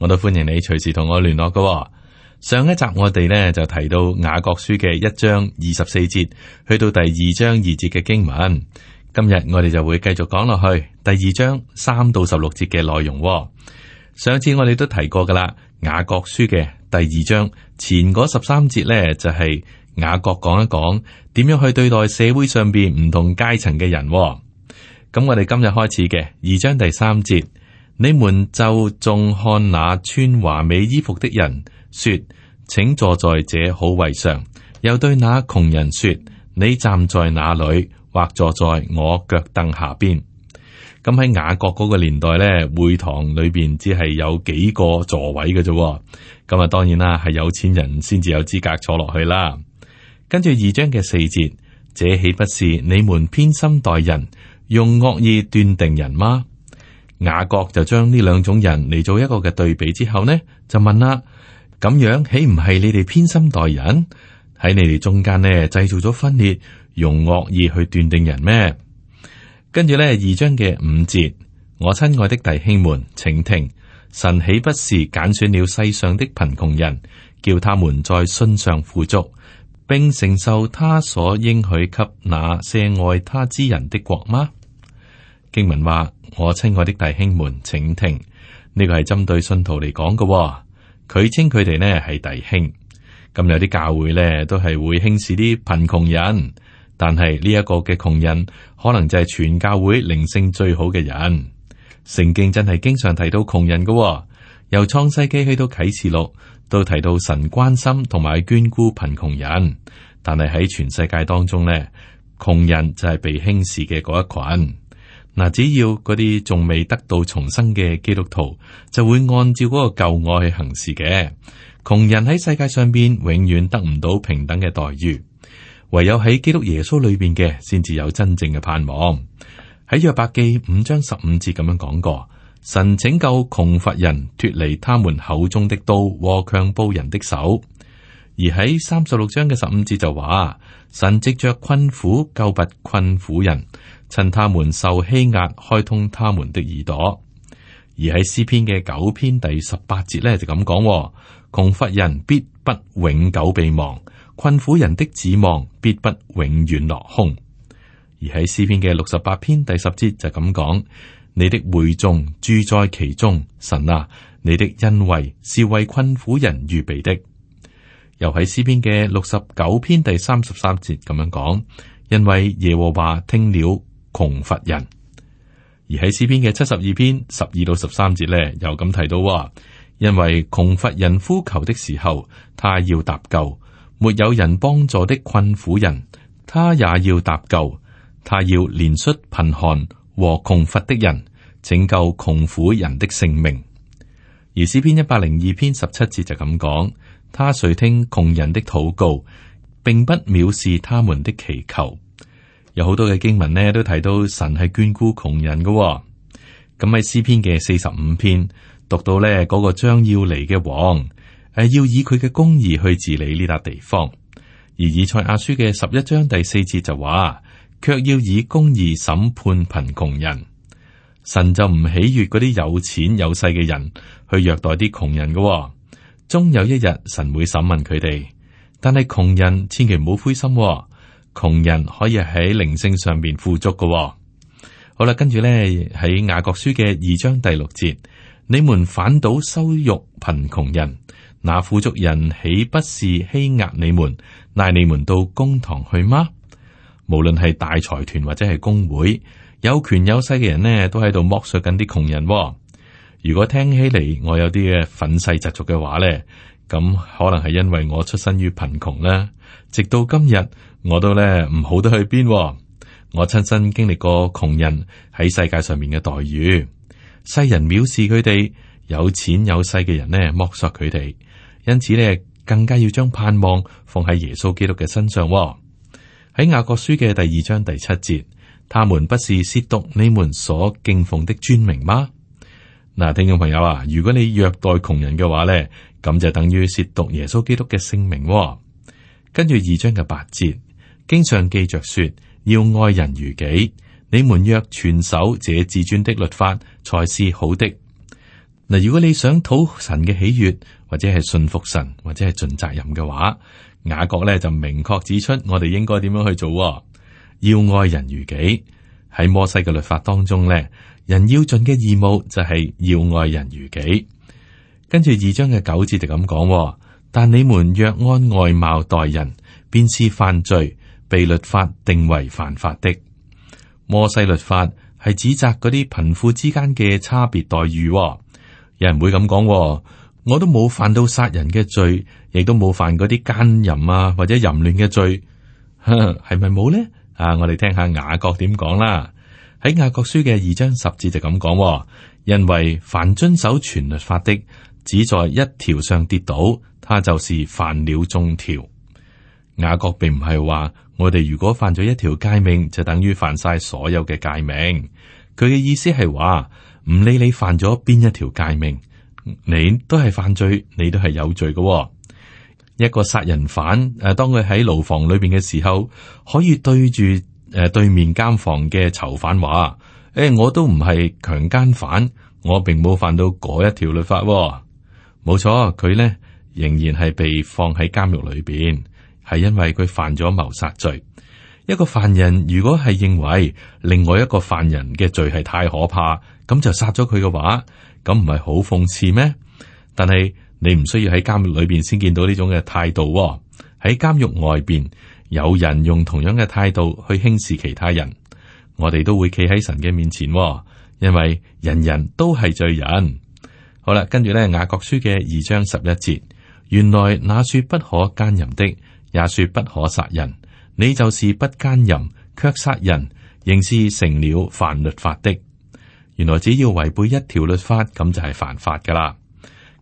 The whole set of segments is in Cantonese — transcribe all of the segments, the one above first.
我都歡迎你隨時同我聯絡噶、喎。上一集我哋呢就提到雅各書嘅一章二十四節，去到第二章二節嘅經文。今日我哋就會繼續講落去第二章三到十六節嘅內容、喎。上次我哋都提過噶啦，雅各書嘅第二章前嗰十三節呢，就係、是、雅各講一講點樣去對待社會上邊唔同階層嘅人、喎。咁、嗯、我哋今日開始嘅二章第三節。你們就仲看那穿華美衣服的人，說，請坐在這好位上；又對那窮人說，你站在那裏，或坐在我腳凳下邊。咁、嗯、喺雅各嗰個年代咧，會堂裏邊只係有幾個座位嘅啫。咁、嗯、啊，當然啦，係有錢人先至有資格坐落去啦。跟住二章嘅四節，這豈不是你們偏心待人，用惡意斷定人嗎？雅各就將呢兩種人嚟，做一個嘅對比之後呢，就問啦：咁樣豈唔係你哋偏心待人？喺你哋中間呢，製造咗分裂，用惡意去斷定人咩？跟住呢二章嘅五節，我親愛的弟兄們，請聽：神豈不是揀選了世上的貧窮人，叫他們在信上富足，並承受他所應許給，給那些愛他之人的國嗎？經文話。我親愛的弟兄們，請聽，呢、這個係針對信徒嚟講嘅。佢稱佢哋呢係弟兄，咁有啲教會呢都係會輕視啲貧窮人，但係呢一個嘅窮人可能就係全教會靈性最好嘅人。聖經真係經常提到窮人嘅、哦，由創世紀去到啟示錄都提到神關心同埋眷顧貧窮人，但係喺全世界當中呢，窮人就係被輕視嘅嗰一群。嗱，只要嗰啲仲未得到重生嘅基督徒，就會按照嗰個舊愛去行事嘅。窮人喺世界上邊永遠得唔到平等嘅待遇，唯有喺基督耶穌裏邊嘅，先至有真正嘅盼望。喺約伯記五章十五節咁樣講過，神拯救窮乏人脫離他們口中的刀和強暴人的手。而喺三十六章嘅十五節就話神藉着困苦救拔困苦人，趁他們受欺壓，開通他們的耳朵。而喺詩篇嘅九篇第十八節咧就咁講，窮乏人必不永久被忘，困苦人的指望必不永遠落空。而喺詩篇嘅六十八篇第十節就咁講，你的會眾住在其中，神啊，你的恩惠是為困苦人預備的。又喺詩篇嘅六十九篇第三十三節咁樣講，因為耶和華聽了窮乏人；而喺詩篇嘅七十二篇十二到十三節呢，又咁提到話，因為窮乏人呼求的時候，他要搭救；沒有人幫助的困苦人，他也要搭救。他要憐恤貧寒和窮乏的人，拯救窮苦人的性命。而詩篇一百零二篇十七節就咁講。他垂聽窮人的禱告，並不藐視他們的祈求。有好多嘅經文呢都提到神係眷顧窮人嘅、哦。咁喺詩篇嘅四十五篇讀到呢嗰個將要嚟嘅王，誒，要以佢嘅公義去治理呢笪地方。而以賽亞書嘅十一章第四節就話，卻要以公義審判貧窮人。神就唔喜悅嗰啲有錢有勢嘅人去虐待啲窮人嘅、哦。終有一日，神會審問佢哋。但係窮人千祈唔好灰心、哦，窮人可以喺靈性上面富足嘅、哦。好啦，跟住呢，喺雅各書嘅二章第六節，你們反倒羞辱貧窮人，那富足人豈不是欺壓你們，拉你們到公堂去嗎？無論係大財團或者係工會，有權有勢嘅人呢，都喺度剝削緊啲窮人、哦。如果聽起嚟，我有啲嘅憤世嫉俗嘅話咧，咁可能係因為我出身於貧窮啦，直到今日我都咧唔好得去邊。我親身經歷過窮人喺世界上面嘅待遇，世人藐視佢哋，有錢有勢嘅人咧剝削佢哋，因此咧更加要將盼望放喺耶穌基督嘅身上。喺雅各書嘅第二章第七節，他們不是褻瀆你們所敬奉的尊名嗎？嗱，聽眾朋友啊，如果你虐待窮人嘅話咧，咁就等於褻瀆耶穌基督嘅聖名。跟住二章嘅八節，經上記着說要愛人如己。你們若全守這至尊的律法，才是好的。嗱，如果你想討神嘅喜悅，或者係信服神，或者係盡責任嘅話，雅各咧就明確指出我哋應該點樣去做，要愛人如己。喺摩西嘅律法當中咧。人要盡嘅義務就係要愛人如己。跟住二章嘅九節就咁講，但你們若按外貌待人，便是犯罪，被律法定為犯法的。摩西律法係指責嗰啲貧富之間嘅差別待遇。有人會咁講，我都冇犯到殺人嘅罪，亦都冇犯嗰啲姦淫啊或者淫亂嘅罪，係咪冇呢？啊，我哋聽下雅各點講啦。喺雅各書嘅二章十節就咁講，哦，因為凡遵守全律法的，只在一條上跌倒，他就是犯了眾條。雅各並唔係話我哋如果犯咗一條誡命，就等於犯晒所有嘅誡命。佢嘅意思係話，唔理你犯咗邊一條誡命，你都係犯罪，你都係有罪嘅，哦。一個殺人犯，誒，當佢喺牢房裏邊嘅時候，可以對住。誒，對面監房嘅囚犯話：誒、欸，我都唔係強姦犯，我並冇犯到嗰一條律法喎。冇錯，佢咧仍然係被放喺監獄裏邊，係因為佢犯咗謀殺罪。一個犯人如果係認為另外一個犯人嘅罪係太可怕，咁就殺咗佢嘅話，咁唔係好諷刺咩？但係你唔需要喺監獄裏邊先見到呢種嘅態度喎，喺監獄外邊。有人用同樣嘅態度去輕視其他人，我哋都會企喺神嘅面前，哦，因為人人都係罪人。好啦，跟住呢，雅各書嘅二章十一節，原來那說不可奸淫的，也說不可殺人，你就是不奸淫卻殺人，仍是成了犯律法的。原來只要違背一條律法，咁就係犯法噶啦。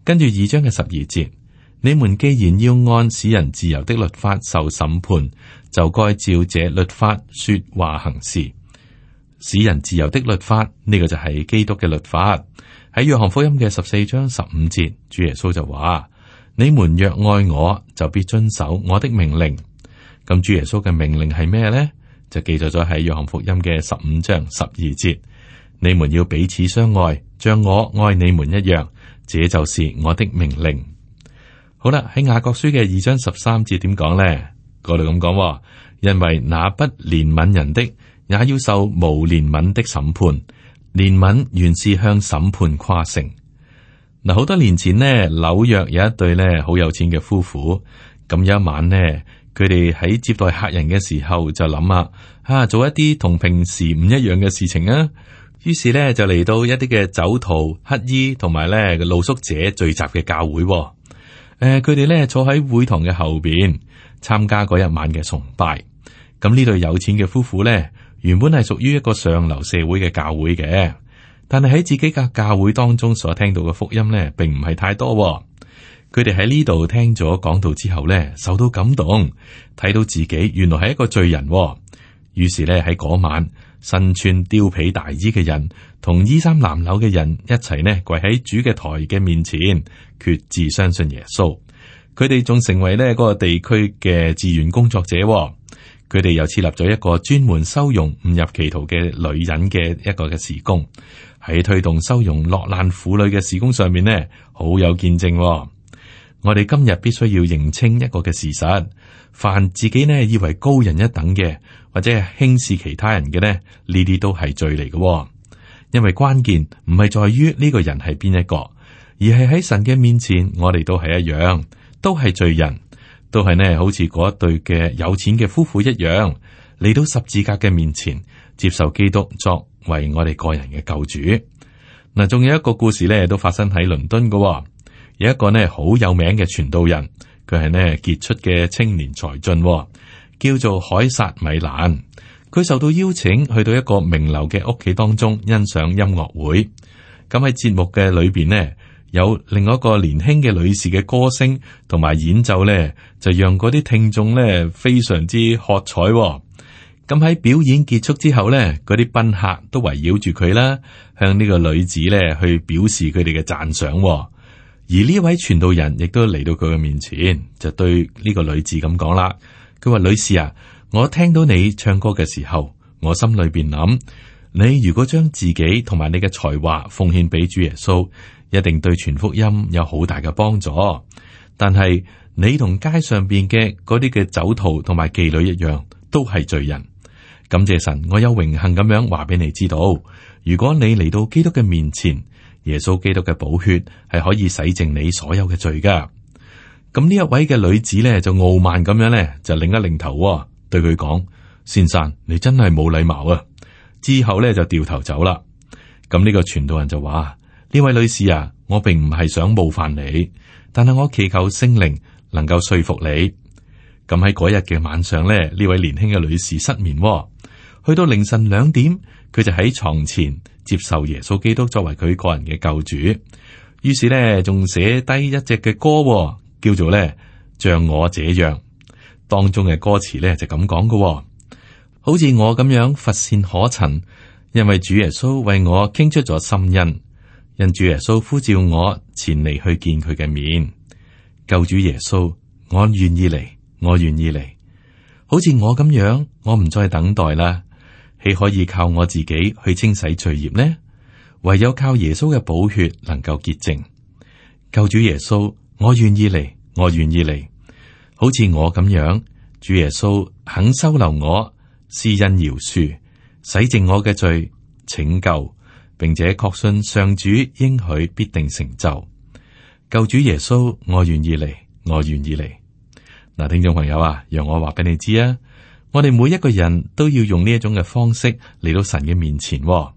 跟住二章嘅十二節。你們既然要按使人自由的律法受審判，就該照這律法說話行事。使人自由的律法呢個就係基督嘅律法。喺約翰福音嘅十四章十五節，主耶穌就話：你們若愛我，就必遵守我的命令。咁主耶穌嘅命令係咩咧？就記載咗喺約翰福音嘅十五章十二節：你們要彼此相愛，像我愛你們一樣。這就是我的命令。好啦，喺《雅各書》嘅二章十三節，點講咧？過嚟咁講，因為那不憐憫人的，也要受無憐憫的審判。憐憫原是向審判誇勝。嗱。好多年前呢，紐約有一對咧好有錢嘅夫婦，咁有一晚呢，佢哋喺接待客人嘅時候就諗啊，啊做一啲同平時唔一樣嘅事情啊。於是咧就嚟到一啲嘅酒徒、乞衣同埋咧露宿者聚集嘅教會。誒，佢哋咧坐喺會堂嘅後邊參加嗰一晚嘅崇拜。咁呢對有錢嘅夫婦咧，原本係屬於一個上流社會嘅教會嘅，但係喺自己嘅教會當中所聽到嘅福音咧，並唔係太多，哦。佢哋喺呢度聽咗講道之後咧，受到感動，睇到自己原來係一個罪人，哦，於是咧喺嗰晚。身穿貂皮大衣嘅人，同衣衫襤褸嘅人一齊呢跪喺主嘅台嘅面前，決志相信耶穌。佢哋仲成為呢嗰、那個地區嘅志願工作者、哦，佢哋又設立咗一個專門收容誤入歧途嘅女人嘅一個嘅事工，喺推動收容落難婦女嘅事工上面呢，好有見證、哦。我哋今日必須要認清一個嘅事實，凡自己呢以為高人一等嘅，或者輕視其他人嘅呢，呢啲都係罪嚟嘅喎。因為關鍵唔係在於呢個人係邊一個，而係喺神嘅面前，我哋都係一樣，都係罪人，都係呢好似嗰一對嘅有錢嘅夫婦一樣嚟到十字架嘅面前，接受基督作為我哋個人嘅救主。嗱，仲有一個故事呢，都發生喺倫敦嘅喎。有一個呢好有名嘅傳道人，佢係呢傑出嘅青年才俊，叫做凱撒米蘭。佢受到邀請去到一個名流嘅屋企當中欣賞音樂會。咁喺節目嘅裏邊呢，有另外一個年輕嘅女士嘅歌聲同埋演奏呢，就讓嗰啲聽眾呢非常之喝彩。咁喺表演結束之後呢，嗰啲賓客都圍繞住佢啦，向呢個女子呢去表示佢哋嘅讚賞。而呢位傳道人亦都嚟到佢嘅面前，就對呢個女子咁講啦。佢話：女士啊，我聽到你唱歌嘅時候，我心裏邊諗，你如果將自己同埋你嘅才華奉獻俾主耶穌，一定對全福音有好大嘅幫助。但係你同街上邊嘅嗰啲嘅酒徒同埋妓女一樣，都係罪人。感謝神，我有榮幸咁樣話俾你知道，如果你嚟到基督嘅面前。耶穌基督嘅寶血係可以洗淨你所有嘅罪噶。咁呢一位嘅女子咧就傲慢咁樣咧就擰一擰頭、哦、對佢講：先生，你真係冇禮貌啊！之後咧就掉頭走啦。咁呢個傳道人就話：呢位女士啊，我並唔係想冒犯你，但係我祈求聖靈能夠說服你。咁喺嗰日嘅晚上咧，呢位年輕嘅女士失眠、哦，去到凌晨兩點，佢就喺床前。接受耶穌基督作為佢個人嘅救主，於是咧仲寫低一隻嘅歌，叫做咧像我這樣。當中嘅歌詞咧就咁講嘅，好似我咁樣乏善可陳，因為主耶穌為我傾出咗心恩，因主耶穌呼召我前嚟去見佢嘅面。救主耶穌，我願意嚟，我願意嚟，好似我咁樣，我唔再等待啦。豈可以靠我自己去清洗罪孽呢？唯有靠耶穌嘅寶血能夠潔淨。救主耶穌，我願意嚟，我願意嚟，好似我咁樣。主耶穌肯收留我，施恩饒恕，洗淨我嘅罪，拯救，並且確信上主應許必定成就。救主耶穌，我願意嚟，我願意嚟。嗱，聽眾朋友啊，讓我話俾你知啊。我哋每一個人都要用呢一種嘅方式嚟到神嘅面前。哦，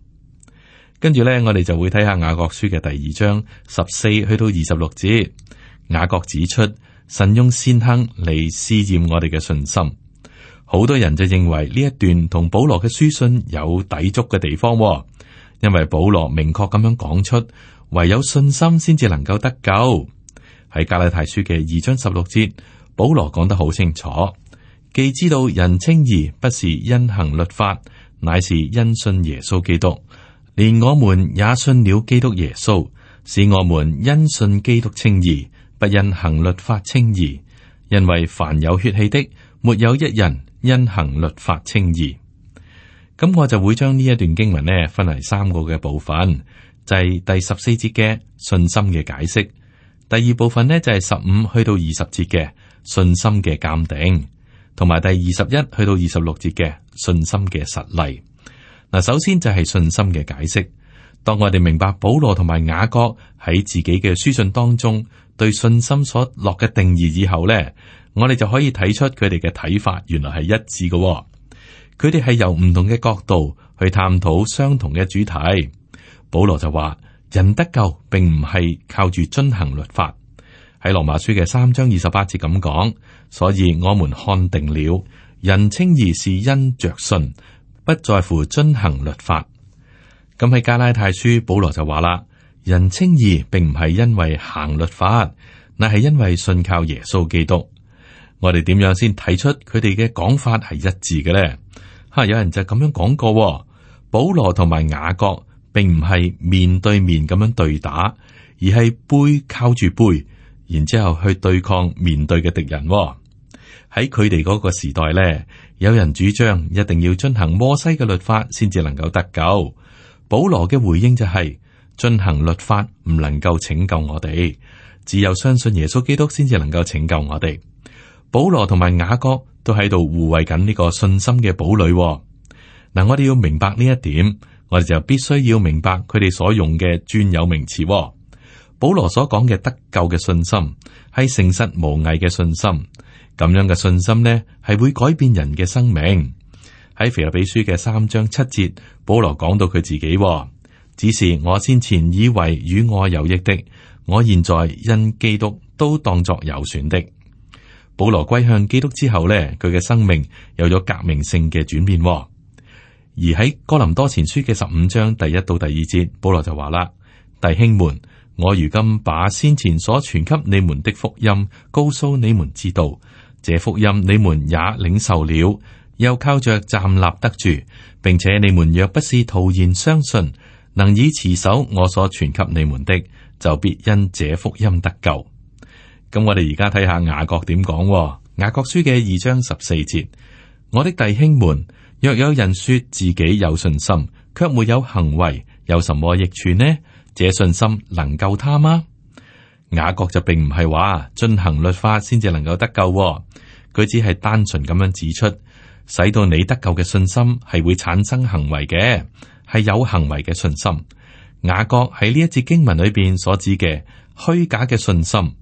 跟住咧，我哋就會睇下雅各書嘅第二章十四去到二十六節，雅各指出神用善行嚟試驗我哋嘅信心，好多人就認為呢一段同保羅嘅書信有抵觸嘅地方。哦，因為保羅明確咁樣講出唯有信心先至能夠得救，喺加拉太書嘅二章十六節，保羅講得好清楚。既知道人稱義不是因行律法，乃是因信耶穌基督。連我們也信了基督耶穌，使我們因信基督稱義，不因行律法稱義。因為凡有血氣的，沒有一人因行律法稱義。咁我就會將呢一段經文呢分為三個嘅部分，就係、是、第十四節嘅信心嘅解釋。第二部分呢，就係十五去到二十節嘅信心嘅鑑定。同埋第二十一去到二十六節嘅信心嘅實例。嗱，首先就係信心嘅解釋。當我哋明白保羅同埋雅各喺自己嘅書信當中對信心所落嘅定義以後咧，我哋就可以睇出佢哋嘅睇法原來係一致嘅。佢哋係由唔同嘅角度去探討相同嘅主題。保羅就話：人得救並唔係靠住遵行律法。喺羅馬書嘅三章二十八節咁講。所以我們看定了，人稱義是因着信，不在乎遵行律法。咁喺加拉太書保羅就話啦，人稱義並唔係因為行律法，乃係因為信靠耶穌基督。我哋點樣先睇出佢哋嘅講法係一致嘅呢？哈，有人就咁樣講過，保羅同埋雅各並唔係面對面咁樣對打，而係杯靠住杯，然之後去對抗面對嘅敵人。喺佢哋嗰個時代咧，有人主張一定要進行摩西嘅律法，先至能夠得救。保羅嘅回應就係、是、進行律法唔能夠拯救我哋，只有相信耶穌基督先至能夠拯救我哋。保羅同埋雅各都喺度護衛緊呢個信心嘅堡壘。嗱，我哋要明白呢一點，我哋就必須要明白佢哋所用嘅專有名詞。保羅所講嘅得救嘅信心係誠實無偽嘅信心。咁樣嘅信心呢，係會改變人嘅生命。喺腓立比書嘅三章七節，保羅講到佢自己、哦，只是我先前以為與我有益的，我現在因基督都當作有損的。保羅歸向基督之後呢，佢嘅生命有咗革命性嘅轉變、哦。而喺哥林多前書嘅十五章第一到第二節，保羅就話啦：弟兄們，我如今把先前所傳給你們的福音，告訴你們知道。這福音你們也領受了，又靠着站立得住，並且你們若不是徒然相信，能以持守我所傳給你們的，就必因這福音得救。咁、嗯、我哋而家睇下雅各點講，雅各書嘅二章十四節，我的弟兄們，若有人說自己有信心，卻沒有行為，有什麼益處呢？這信心能救他嗎？雅各就並唔係話進行律法先至能夠得救，佢只係單純咁樣指出，使到你得救嘅信心係會產生行為嘅，係有行為嘅信心。雅各喺呢一節經文裏邊所指嘅虛假嘅信心，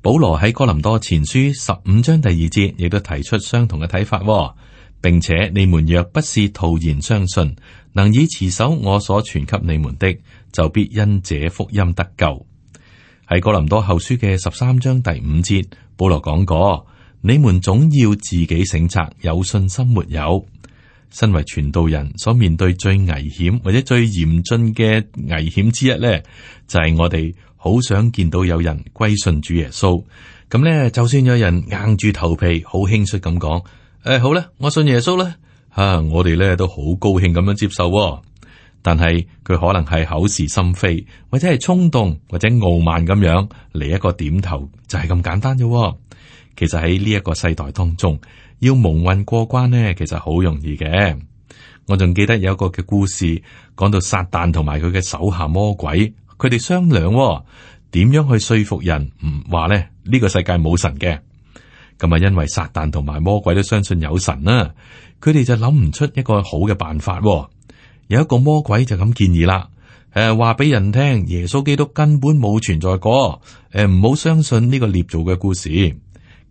保羅喺哥林多前書十五章第二節亦都提出相同嘅睇法，並且你們若不是徒然相信，能以持守我所傳給你們的，就必因這福音得救。喺哥林多後書嘅十三章第五節，保羅講過：你們總要自己省察，有信心沒有？身為傳道人，所面對最危險或者最嚴峻嘅危險之一咧，就係、是、我哋好想見到有人歸信主耶穌。咁咧，就算有人硬住頭皮，好輕率咁講：誒，好啦，我信耶穌啦！吓、啊，我哋咧都好高興咁樣接受。但係佢可能係口是心非，或者係衝動，或者傲慢咁樣嚟一個點頭就係、是、咁簡單啫、哦。其實喺呢一個世代當中，要蒙混過關呢，其實好容易嘅。我仲記得有一個嘅故事，講到撒旦同埋佢嘅手下魔鬼，佢哋商量點、哦、樣去說服人唔話呢？呢、呢個世界冇神嘅。咁啊，因為撒旦同埋魔鬼都相信有神啦、啊，佢哋就諗唔出一個好嘅辦法、哦。有一個魔鬼就咁建議啦，誒，話俾人聽耶穌基督根本冇存在過，誒，唔好相信呢個捏造嘅故事。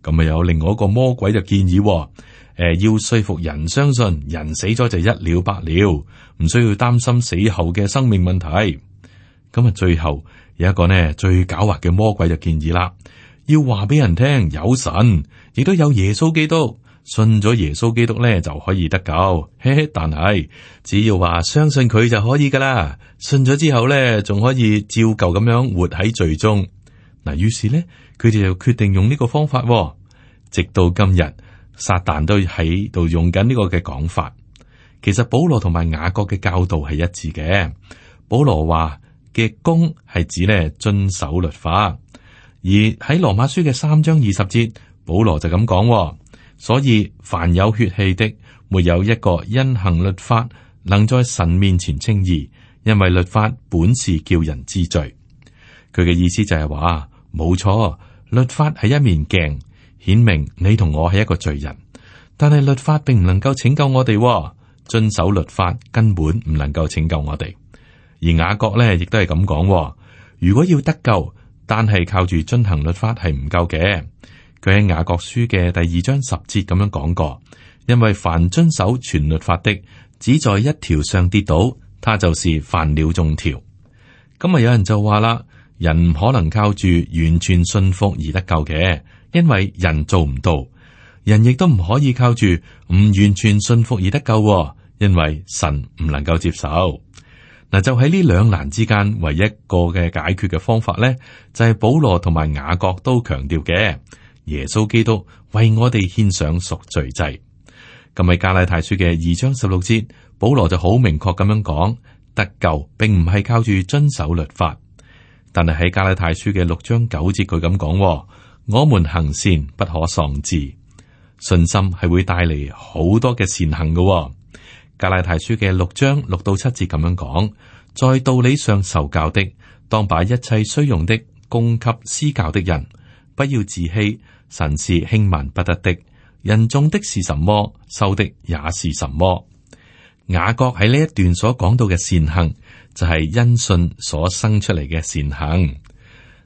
咁啊有另外一個魔鬼就建議，誒、呃、要說服人相信人死咗就一了百了，唔需要擔心死後嘅生命問題。咁啊最後有一個呢最狡猾嘅魔鬼就建議啦，要話俾人聽有神，亦都有耶穌基督。信咗耶穌基督咧就可以得救，嘿嘿。但係只要話相信佢就可以噶啦。信咗之後咧，仲可以照舊咁樣活喺罪中嗱。於是咧，佢哋就決定用呢個方法，直到今日撒旦都喺度用緊呢個嘅講法。其實保羅同埋雅各嘅教導係一致嘅。保羅話嘅「功」係指咧遵守律法，而喺羅馬書嘅三章二十節，保羅就咁講。所以凡有血氣的，沒有一個因行律法能在神面前稱義，因為律法本是叫人知罪。佢嘅意思就係話冇錯，律法係一面鏡，顯明你同我係一個罪人。但係律法並唔能夠拯救我哋，遵守律法根本唔能夠拯救我哋。而雅各咧亦都係咁講，如果要得救，但係靠住遵行律法係唔夠嘅。佢喺雅各書嘅第二章十節咁樣講過，因為凡遵守全律法的，只在一條上跌倒，他就是犯了眾條。咁啊，有人就話啦，人唔可能靠住完全信服而得救嘅，因為人做唔到，人亦都唔可以靠住唔完全信服而得救，因為神唔能夠接受。嗱，就喺呢兩難之間，唯一一個嘅解決嘅方法咧，就係保羅同埋雅各都強調嘅。耶穌基督為我哋獻上贖罪祭。咁喺加拉太書嘅二章十六節，保羅就好明確咁樣講，得救並唔係靠住遵守律法。但係喺加拉太書嘅六章九節，佢咁講：我們行善不可喪志，信心係會帶嚟好多嘅善行嘅。加拉太書嘅六章六到七節咁樣講，在道理上受教的，當把一切需用的供給施教的人。不要自欺，神是輕慢不得的。人種的是什麼，收的也是什麼。雅各喺呢一段所講到嘅善行，就係、是、因信所生出嚟嘅善行。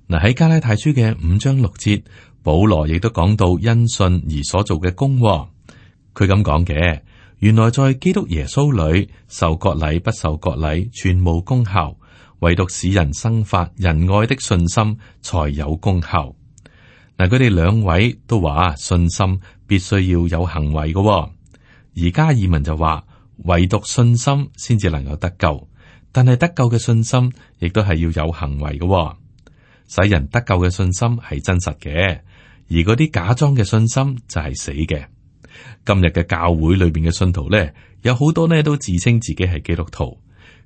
嗱，喺加拉太書嘅五章六節，保羅亦都講到因信而所做嘅功。佢咁講嘅，原來在基督耶穌裏受割禮不受割禮，全無功效；唯獨使人生發仁愛的信心，才有功效。嗱，佢哋兩位都話信心必須要有行為嘅。哦，而加爾文就話唯獨信心先至能夠得救，但係得救嘅信心亦都係要有行為嘅。哦，使人得救嘅信心係真實嘅，而嗰啲假裝嘅信心就係死嘅。今日嘅教會裏邊嘅信徒咧，有好多呢都自稱自己係基督徒，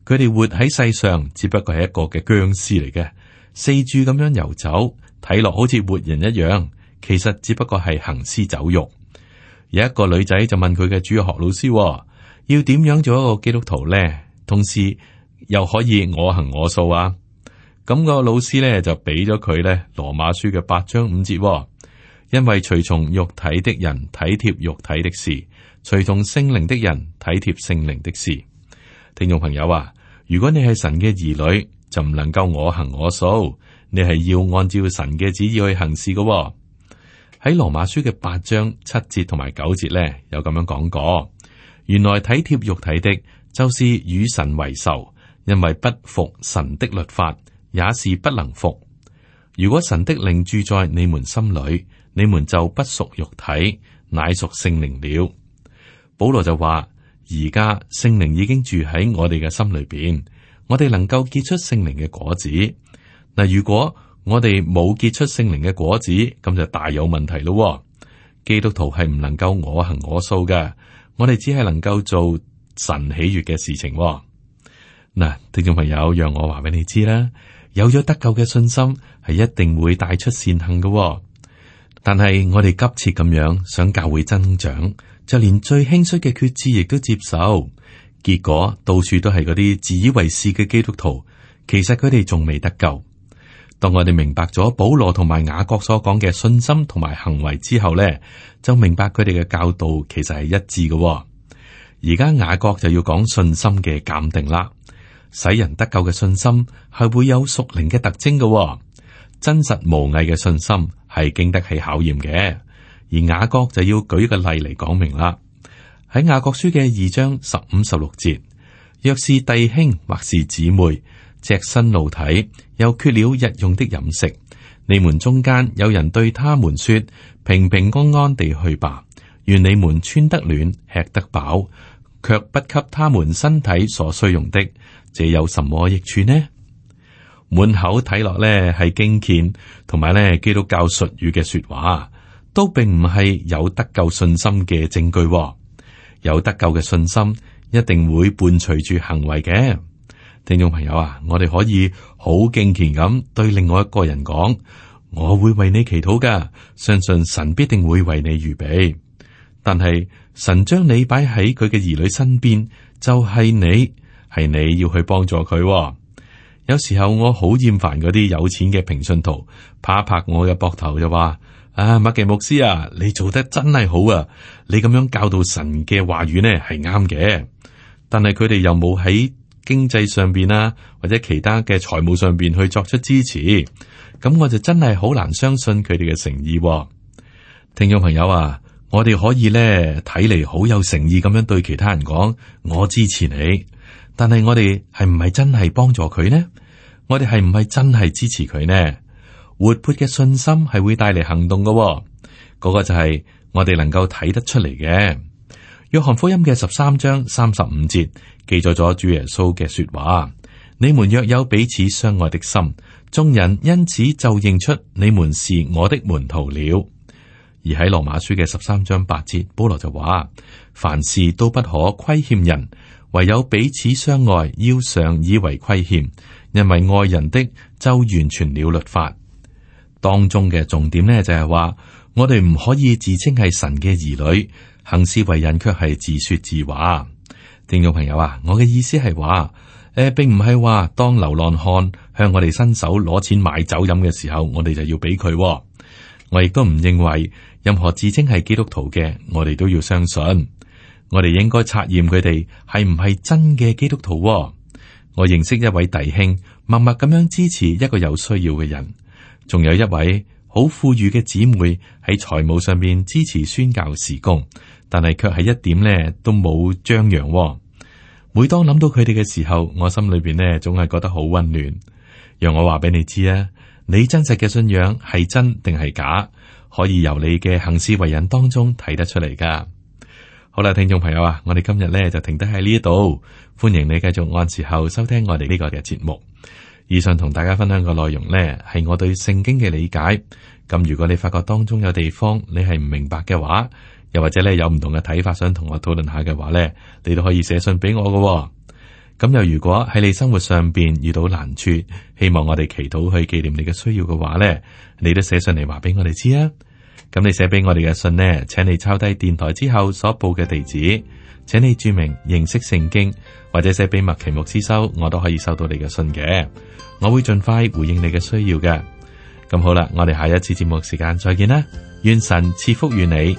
佢哋活喺世上只不過係一個嘅僵屍嚟嘅，四處咁樣遊走。睇落好似活人一樣，其實只不過係行屍走肉。有一個女仔就問佢嘅主學老師，要點樣做一個基督徒呢？同時又可以我行我素啊？咁個老師呢就俾咗佢呢羅馬書嘅八章五節，因為隨從肉體的人體貼肉體的事，隨從聖靈的人體貼聖靈的事。聽眾朋友啊，如果你係神嘅兒女，就唔能夠我行我素。你係要按照神嘅旨意去行事㗎喎，哦。喺羅馬書嘅八章七節同埋九節咧，有咁樣講過。原來體貼肉體的，就是與神為仇，因為不服神的律法，也是不能服。如果神的靈住在你們心裏，你們就不屬肉體，乃屬聖靈了。保羅就話：而家聖靈已經住喺我哋嘅心裏邊，我哋能夠結出聖靈嘅果子。嗱，如果我哋冇結出聖靈嘅果子，咁就大有問題咯、哦。基督徒係唔能夠我行我素嘅，我哋只係能夠做神喜悅嘅事情、哦。嗱，聽眾朋友，讓我話俾你知啦，有咗得救嘅信心係一定會帶出善行嘅、哦。但係我哋急切咁樣想教會增長，就連最輕率嘅決志亦都接受，結果到處都係嗰啲自以為是嘅基督徒。其實佢哋仲未得救。當我哋明白咗保羅同埋雅各所講嘅信心同埋行為之後咧，就明白佢哋嘅教導其實係一致嘅、哦。而家雅各就要講信心嘅鑑定啦，使人得救嘅信心係會有屬靈嘅特徵嘅、哦，真實無偽嘅信心係經得起考驗嘅。而雅各就要舉一個例嚟講明啦，喺雅各書嘅二章十五十六節，若是弟兄或是姊妹。只身露體，又缺了日用的飲食。你們中間有人對他們說：平平安安地去吧，願你們穿得暖，吃得飽，卻不給他們身體所需用的，這有什麼益處呢？滿口睇落咧係經見，同埋咧基督教術語嘅說話，都並唔係有得夠信心嘅證據。有得夠嘅信心，一定會伴隨住行為嘅。聽眾朋友啊，我哋可以好敬虔咁對另外一個人講，我會為你祈禱嘅，相信神必定會為你預備。但係神將你擺喺佢嘅兒女身邊，就係、係、你係你要去幫助佢，哦。有時候我好厭煩嗰啲有錢嘅平信徒，拍一拍我嘅膊頭就話：啊，麥基牧師啊，你做得真係好啊！你咁樣教導神嘅話語呢，係啱嘅。但係佢哋又冇喺。經濟上邊呀，或者其他嘅財務上邊去作出支持，咁我就真係好難相信佢哋嘅誠意喎。聽眾朋友啊，我哋可以咧睇嚟，好有誠意咁樣對其他人講，我支持你，但係我哋係唔係真係幫助佢呢？我哋係唔係真係支持佢呢？活潑嘅信心係會帶嚟行動㗎喎，嗰個就係我哋能夠睇得出嚟嘅。約翰福音嘅十三章三十五節，記載咗主耶穌嘅說話，你們若有彼此相愛的心，眾人因此就認出你們是我的門徒了。而喺羅馬書嘅十三章八節，保羅就話：凡事都不可虧欠人，唯有彼此相愛，要常以為虧欠，因為愛人的就完全了律法。當中嘅重點呢，就係話，我哋唔可以自稱係神嘅兒女，行事為人卻係自說自話。聽眾朋友啊，我嘅意思係話，誒、呃，並唔係話，當流浪漢向我哋伸手攞錢買酒飲嘅時候，我哋就要俾佢。我亦都唔認為任何自稱係基督徒嘅，我哋都要相信。我哋應該察驗佢哋係唔係真嘅基督徒。我認識一位弟兄默默咁樣支持一個有需要嘅人，仲有一位。好富裕嘅姊妹喺財務上面支持宣教事工，但係卻係一點呢都冇張揚。每當諗到佢哋嘅時候，我心裏邊呢總係覺得好温暖。讓我話俾你知啊，你真實嘅信仰係真定係假，可以由你嘅行事為人當中睇得出嚟噶。好啦，聽眾朋友啊，我哋今日呢就停低喺呢度，歡迎你繼續按時候收聽我哋呢個嘅節目。以上同大家分享嘅內容呢，係我對聖經嘅理解。咁如果你發覺當中有地方你係唔明白嘅話，又或者咧有唔同嘅睇法想同我討論下嘅話呢，你都可以寫信俾我噶。咁又如果喺你生活上邊遇到難處，希望我哋祈禱去紀念你嘅需要嘅話呢，你都寫信嚟話俾我哋知啊。咁你寫俾我哋嘅信呢，請你抄低電台之後所報嘅地址。請你注明認識聖經，或者寫秘密題目之收，我都可以收到你嘅信嘅，我會盡快回應你嘅需要嘅。咁好啦，我哋下一次節目時間再見啦，願神賜福於你。